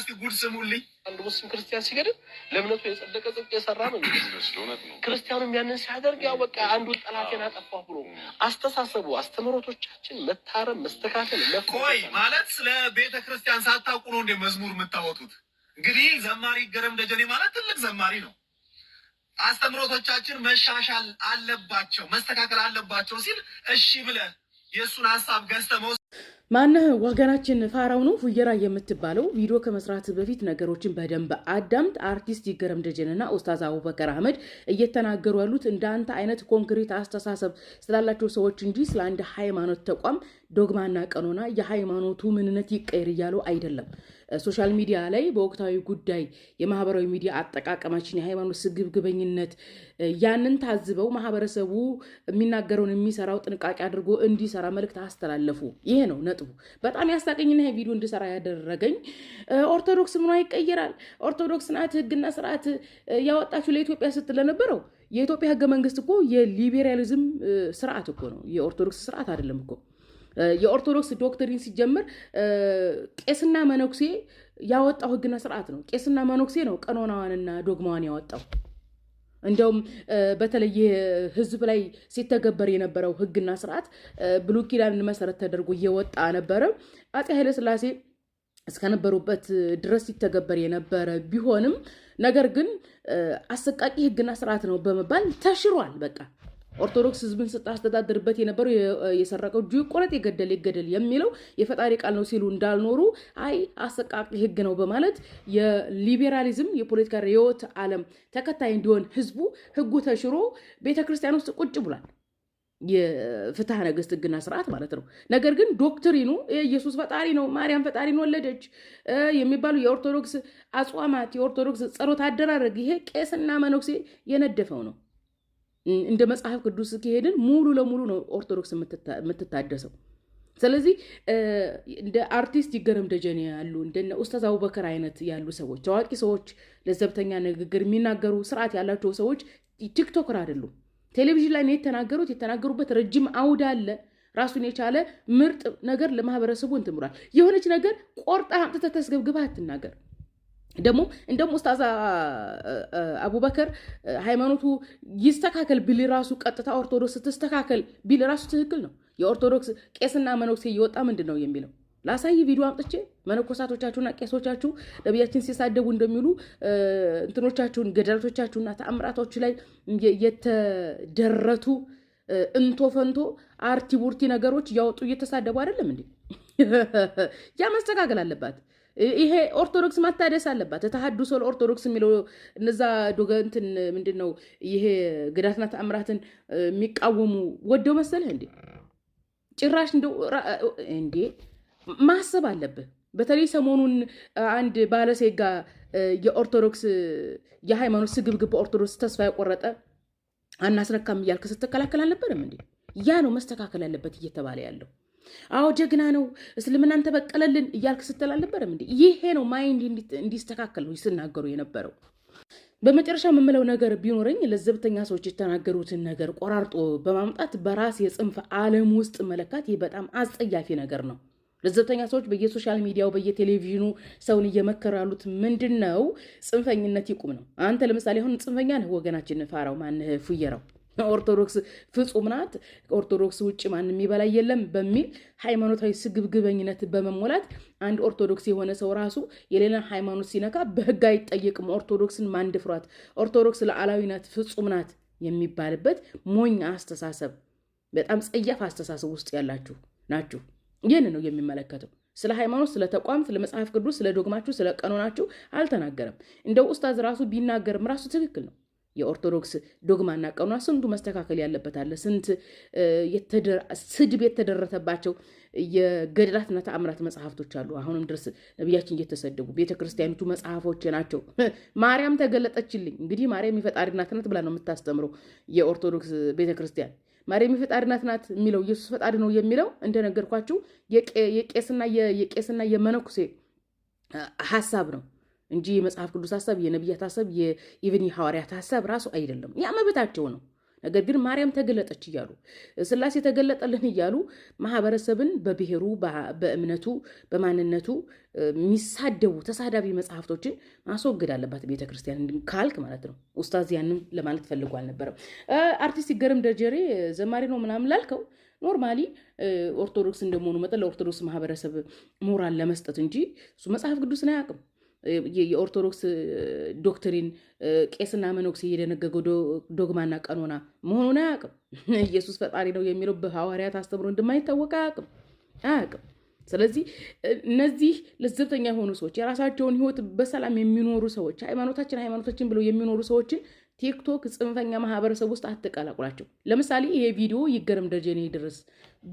እስኪ ጉድ ስሙልኝ። አንድ ሙስሊም ክርስቲያን ሲገድል ለእምነቱ የጸደቀ ጽድቅ የሰራ ነው። ክርስቲያኑም ያንን ሲያደርግ ያው በቃ አንዱ ጠላቴን አጠፋ ብሎ አስተሳሰቡ፣ አስተምህሮቶቻችን መታረም፣ መስተካከል። ቆይ ማለት ስለ ቤተ ክርስቲያን ሳታውቁ ነው እንደ መዝሙር የምታወጡት? እንግዲህ ዘማሪ ገረም ደጀኔ ማለት ትልቅ ዘማሪ ነው። አስተምህሮቶቻችን መሻሻል አለባቸው፣ መስተካከል አለባቸው ሲል እሺ ብለ የእሱን ሀሳብ ገዝተህ መውሰድ ማነህ ወገናችን ፋራው ነው ፉየራ የምትባለው ቪዲዮ ከመስራት በፊት ነገሮችን በደንብ አዳምጥ። አርቲስት ይገረም ደጀንና ኡስታዝ አቡበከር አህመድ እየተናገሩ ያሉት እንደ አንተ አይነት ኮንክሪት አስተሳሰብ ስላላቸው ሰዎች እንጂ ስለ አንድ ሃይማኖት ተቋም ዶግማና ቀኖና የሃይማኖቱ ምንነት ይቀየር እያለው አይደለም። ሶሻል ሚዲያ ላይ በወቅታዊ ጉዳይ የማህበራዊ ሚዲያ አጠቃቀማችን፣ የሃይማኖት ስግብግበኝነት ያንን ታዝበው ማህበረሰቡ የሚናገረውን የሚሰራው ጥንቃቄ አድርጎ እንዲሰራ መልእክት አስተላለፉ። ይሄ ነው ነጥቡ። በጣም ያስታቀኝና ይሄ ቪዲዮ እንድሰራ ያደረገኝ ኦርቶዶክስ ምኗ ይቀየራል፣ ኦርቶዶክስ ናት ህግና ስርዓት ያወጣችሁ ለኢትዮጵያ ስትል ለነበረው የኢትዮጵያ ህገ መንግስት እኮ የሊቤራሊዝም ስርዓት እኮ ነው። የኦርቶዶክስ ስርዓት አይደለም እኮ የኦርቶዶክስ ዶክትሪን ሲጀምር ቄስና መነኩሴ ያወጣው ህግና ስርዓት ነው። ቄስና መነኩሴ ነው ቀኖናዋንና ዶግማዋን ያወጣው። እንደውም በተለይ ህዝብ ላይ ሲተገበር የነበረው ህግና ስርዓት ብሉይ ኪዳንን መሰረት ተደርጎ እየወጣ ነበረ። አፄ ኃይለስላሴ እስከነበሩበት ድረስ ሲተገበር የነበረ ቢሆንም ነገር ግን አሰቃቂ ህግና ስርዓት ነው በመባል ተሽሯል በቃ ኦርቶዶክስ ህዝብን ስታስተዳድርበት የነበረው የሰረቀው እጁ ይቆረጥ፣ የገደል ይገደል የሚለው የፈጣሪ ቃል ነው ሲሉ እንዳልኖሩ አይ አሰቃቂ ህግ ነው በማለት የሊቤራሊዝም የፖለቲካ ርዕዮተ ዓለም ተከታይ እንዲሆን ህዝቡ ህጉ ተሽሮ ቤተክርስቲያን ውስጥ ቁጭ ብሏል። የፍትሐ ነገስት ህግና ስርዓት ማለት ነው። ነገር ግን ዶክትሪኑ ኢየሱስ ፈጣሪ ነው፣ ማርያም ፈጣሪን ወለደች የሚባሉ የኦርቶዶክስ አጽዋማት፣ የኦርቶዶክስ ጸሎት አደራረግ ይሄ ቄስና መነኩሴ የነደፈው ነው። እንደ መጽሐፍ ቅዱስ ከሄድን ሙሉ ለሙሉ ነው ኦርቶዶክስ የምትታደሰው። ስለዚህ እንደ አርቲስት ይገረም ደጀን ያሉ እንደ ኡስታዝ አቡበከር አይነት ያሉ ሰዎች፣ ታዋቂ ሰዎች፣ ለዘብተኛ ንግግር የሚናገሩ ስርዓት ያላቸው ሰዎች ቲክቶከር አይደሉም። ቴሌቪዥን ላይ ነው የተናገሩት። የተናገሩበት ረጅም አውድ አለ። ራሱን የቻለ ምርጥ ነገር ለማህበረሰቡ እንትን ብሏል። የሆነች ነገር ቆርጣ አምጥተህ ተስገብግባ አትናገር። ደግሞ እንደውም ኡስታዛ አቡበከር ሃይማኖቱ ይስተካከል ቢል ራሱ ቀጥታ ኦርቶዶክስ ትስተካከል ቢል ራሱ ትክክል ነው። የኦርቶዶክስ ቄስና መነኩሴ እየወጣ ምንድን ነው የሚለው ላሳይ ቪዲዮ አምጥቼ መነኮሳቶቻችሁና ቄሶቻችሁ ነቢያችን ሲሳደቡ እንደሚሉ እንትኖቻችሁን ገደላቶቻችሁና ተአምራቶች ላይ የተደረቱ እንቶ ፈንቶ አርቲ ቡርቲ ነገሮች እያወጡ እየተሳደቡ አይደለም እንዴ? ያ መስተካከል አለባት። ይሄ ኦርቶዶክስ ማታደስ አለባት። ተሐድሶ ኦርቶዶክስ የሚለው እነዛ ዶገንትን ምንድን ነው ይሄ ግዳትና ተአምራትን የሚቃወሙ ወደው መሰለህ እንዴ? ጭራሽ እንዴ ማሰብ አለብህ። በተለይ ሰሞኑን አንድ ባለሴጋ የኦርቶዶክስ የሃይማኖት ስግብግብ በኦርቶዶክስ ተስፋ የቆረጠ አናስረካም እያልክ ስትከላከል አልነበረም እንዴ? ያ ነው መስተካከል ያለበት እየተባለ ያለው። አዎ ጀግና ነው፣ እስልምናን ተበቀለልን እያልክ ስትል አልነበረም እንዴ? ይሄ ነው ማይንድ እንዲስተካከል ነው ስናገሩ የነበረው። በመጨረሻ የምምለው ነገር ቢኖረኝ ለዘብተኛ ሰዎች የተናገሩትን ነገር ቆራርጦ በማምጣት በራስ የጽንፍ ዓለም ውስጥ መለካት ይህ በጣም አስጸያፊ ነገር ነው። ለዘብተኛ ሰዎች በየሶሻል ሚዲያው በየቴሌቪዥኑ ሰውን እየመከሩ ያሉት ምንድን ነው? ጽንፈኝነት ይቁም ነው። አንተ ለምሳሌ አሁን ጽንፈኛ ነህ፣ ወገናችን ፋራው ማንህ ፉየራው ኦርቶዶክስ ፍጹም ናት፣ ኦርቶዶክስ ውጭ ማንም የሚበላ የለም በሚል ሃይማኖታዊ ስግብግበኝነት በመሞላት አንድ ኦርቶዶክስ የሆነ ሰው ራሱ የሌላ ሃይማኖት ሲነካ በህግ አይጠየቅም። ኦርቶዶክስን ማንድፍሯት፣ ኦርቶዶክስ ለአላዊነት ናት፣ ፍጹም ናት የሚባልበት ሞኝ አስተሳሰብ፣ በጣም ጸያፍ አስተሳሰብ ውስጥ ያላችሁ ናችሁ። ይህን ነው የሚመለከተው። ስለ ሃይማኖት፣ ስለ ተቋም፣ ስለ መጽሐፍ ቅዱስ፣ ስለ ዶግማችሁ፣ ስለ ቀኖናችሁ አልተናገረም። እንደው ኡስታዝ ራሱ ቢናገርም ራሱ ትክክል ነው የኦርቶዶክስ ዶግማና ቀኗ ስንቱ መስተካከል ያለበታለ ስንት ስድብ የተደረተባቸው የገድላትና ተአምራት መጽሐፍቶች አሉ። አሁንም ድረስ ነቢያችን እየተሰደቡ ቤተክርስቲያኒቱ መጽሐፎች ናቸው። ማርያም ተገለጠችልኝ። እንግዲህ ማርያም የፈጣሪ እናት ናት ብላ ነው የምታስተምረው የኦርቶዶክስ ቤተክርስቲያን። ማርያም የፈጣሪ እናት ናት የሚለው ኢየሱስ ፈጣሪ ነው የሚለው እንደነገርኳችሁ የቄስና የመነኩሴ ሀሳብ ነው። እንጂ የመጽሐፍ ቅዱስ ሀሳብ፣ የነቢያት ሀሳብ፣ የኢቨን የሐዋርያት ሀሳብ ራሱ አይደለም። ያ መብታቸው ነው። ነገር ግን ማርያም ተገለጠች እያሉ ስላሴ ተገለጠልን እያሉ ማህበረሰብን በብሔሩ፣ በእምነቱ፣ በማንነቱ የሚሳደቡ ተሳዳቢ መጽሐፍቶችን ማስወገድ አለባት ቤተክርስቲያን ካልክ ማለት ነው። ኡስታዝ ያንን ለማለት ፈልጎ አልነበረም። አርቲስት ይገርም ደጀሬ ዘማሪ ነው ምናምን ላልከው ኖርማሊ ኦርቶዶክስ እንደመሆኑ መጠን ለኦርቶዶክስ ማህበረሰብ ሞራል ለመስጠት እንጂ እሱ መጽሐፍ ቅዱስን አያውቅም። የኦርቶዶክስ ዶክትሪን ቄስና መነኩሴ እየደነገገው ዶግማና ቀኖና መሆኑን አያውቅም። ኢየሱስ ፈጣሪ ነው የሚለው በሐዋርያት አስተምሮ እንደማይታወቅ አያውቅም አያውቅም። ስለዚህ እነዚህ ለዘብተኛ የሆኑ ሰዎች የራሳቸውን ህይወት በሰላም የሚኖሩ ሰዎች ሃይማኖታችን ሃይማኖታችን ብለው የሚኖሩ ሰዎችን ቲክቶክ ጽንፈኛ ማህበረሰብ ውስጥ አትቀላቁላቸው። ለምሳሌ ይሄ ቪዲዮ ይገርም ደጀኔ ድረስ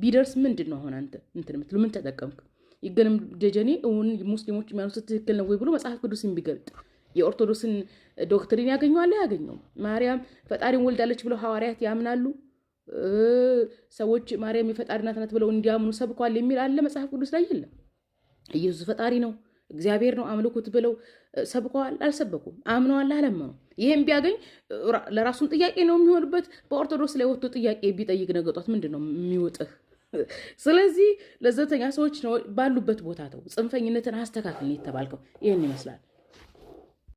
ቢደርስ ምንድን ነው ሆነ አንተ እንትን የምትሉ ምን ተጠቀምክ? ይገንም ደጀኔ እውን ሙስሊሞች የሚያኑ ትክክል ነው ወይ ብሎ መጽሐፍ ቅዱስ የሚገልጥ የኦርቶዶክስን ዶክትሪን ያገኘዋል? ያገኘው ማርያም ፈጣሪን ወልዳለች ብለው ሐዋርያት ያምናሉ። ሰዎች ማርያም የፈጣሪ እናት ናት ብለው እንዲያምኑ ሰብኳል የሚል አለ መጽሐፍ ቅዱስ ላይ የለም። ኢየሱስ ፈጣሪ ነው እግዚአብሔር ነው አምልኩት ብለው ሰብከዋል? አልሰበኩም። አምነዋል? አላመኑም? ይህም ቢያገኝ ለራሱን ጥያቄ ነው የሚሆንበት። በኦርቶዶክስ ላይ ወጥቶ ጥያቄ ቢጠይቅ ነገጧት ምንድን ነው የሚወጥህ? ስለዚህ ለዘተኛ ሰዎች ነው ባሉበት ቦታ ተው፣ ጽንፈኝነትን አስተካክል የተባልከው ይህን ይመስላል።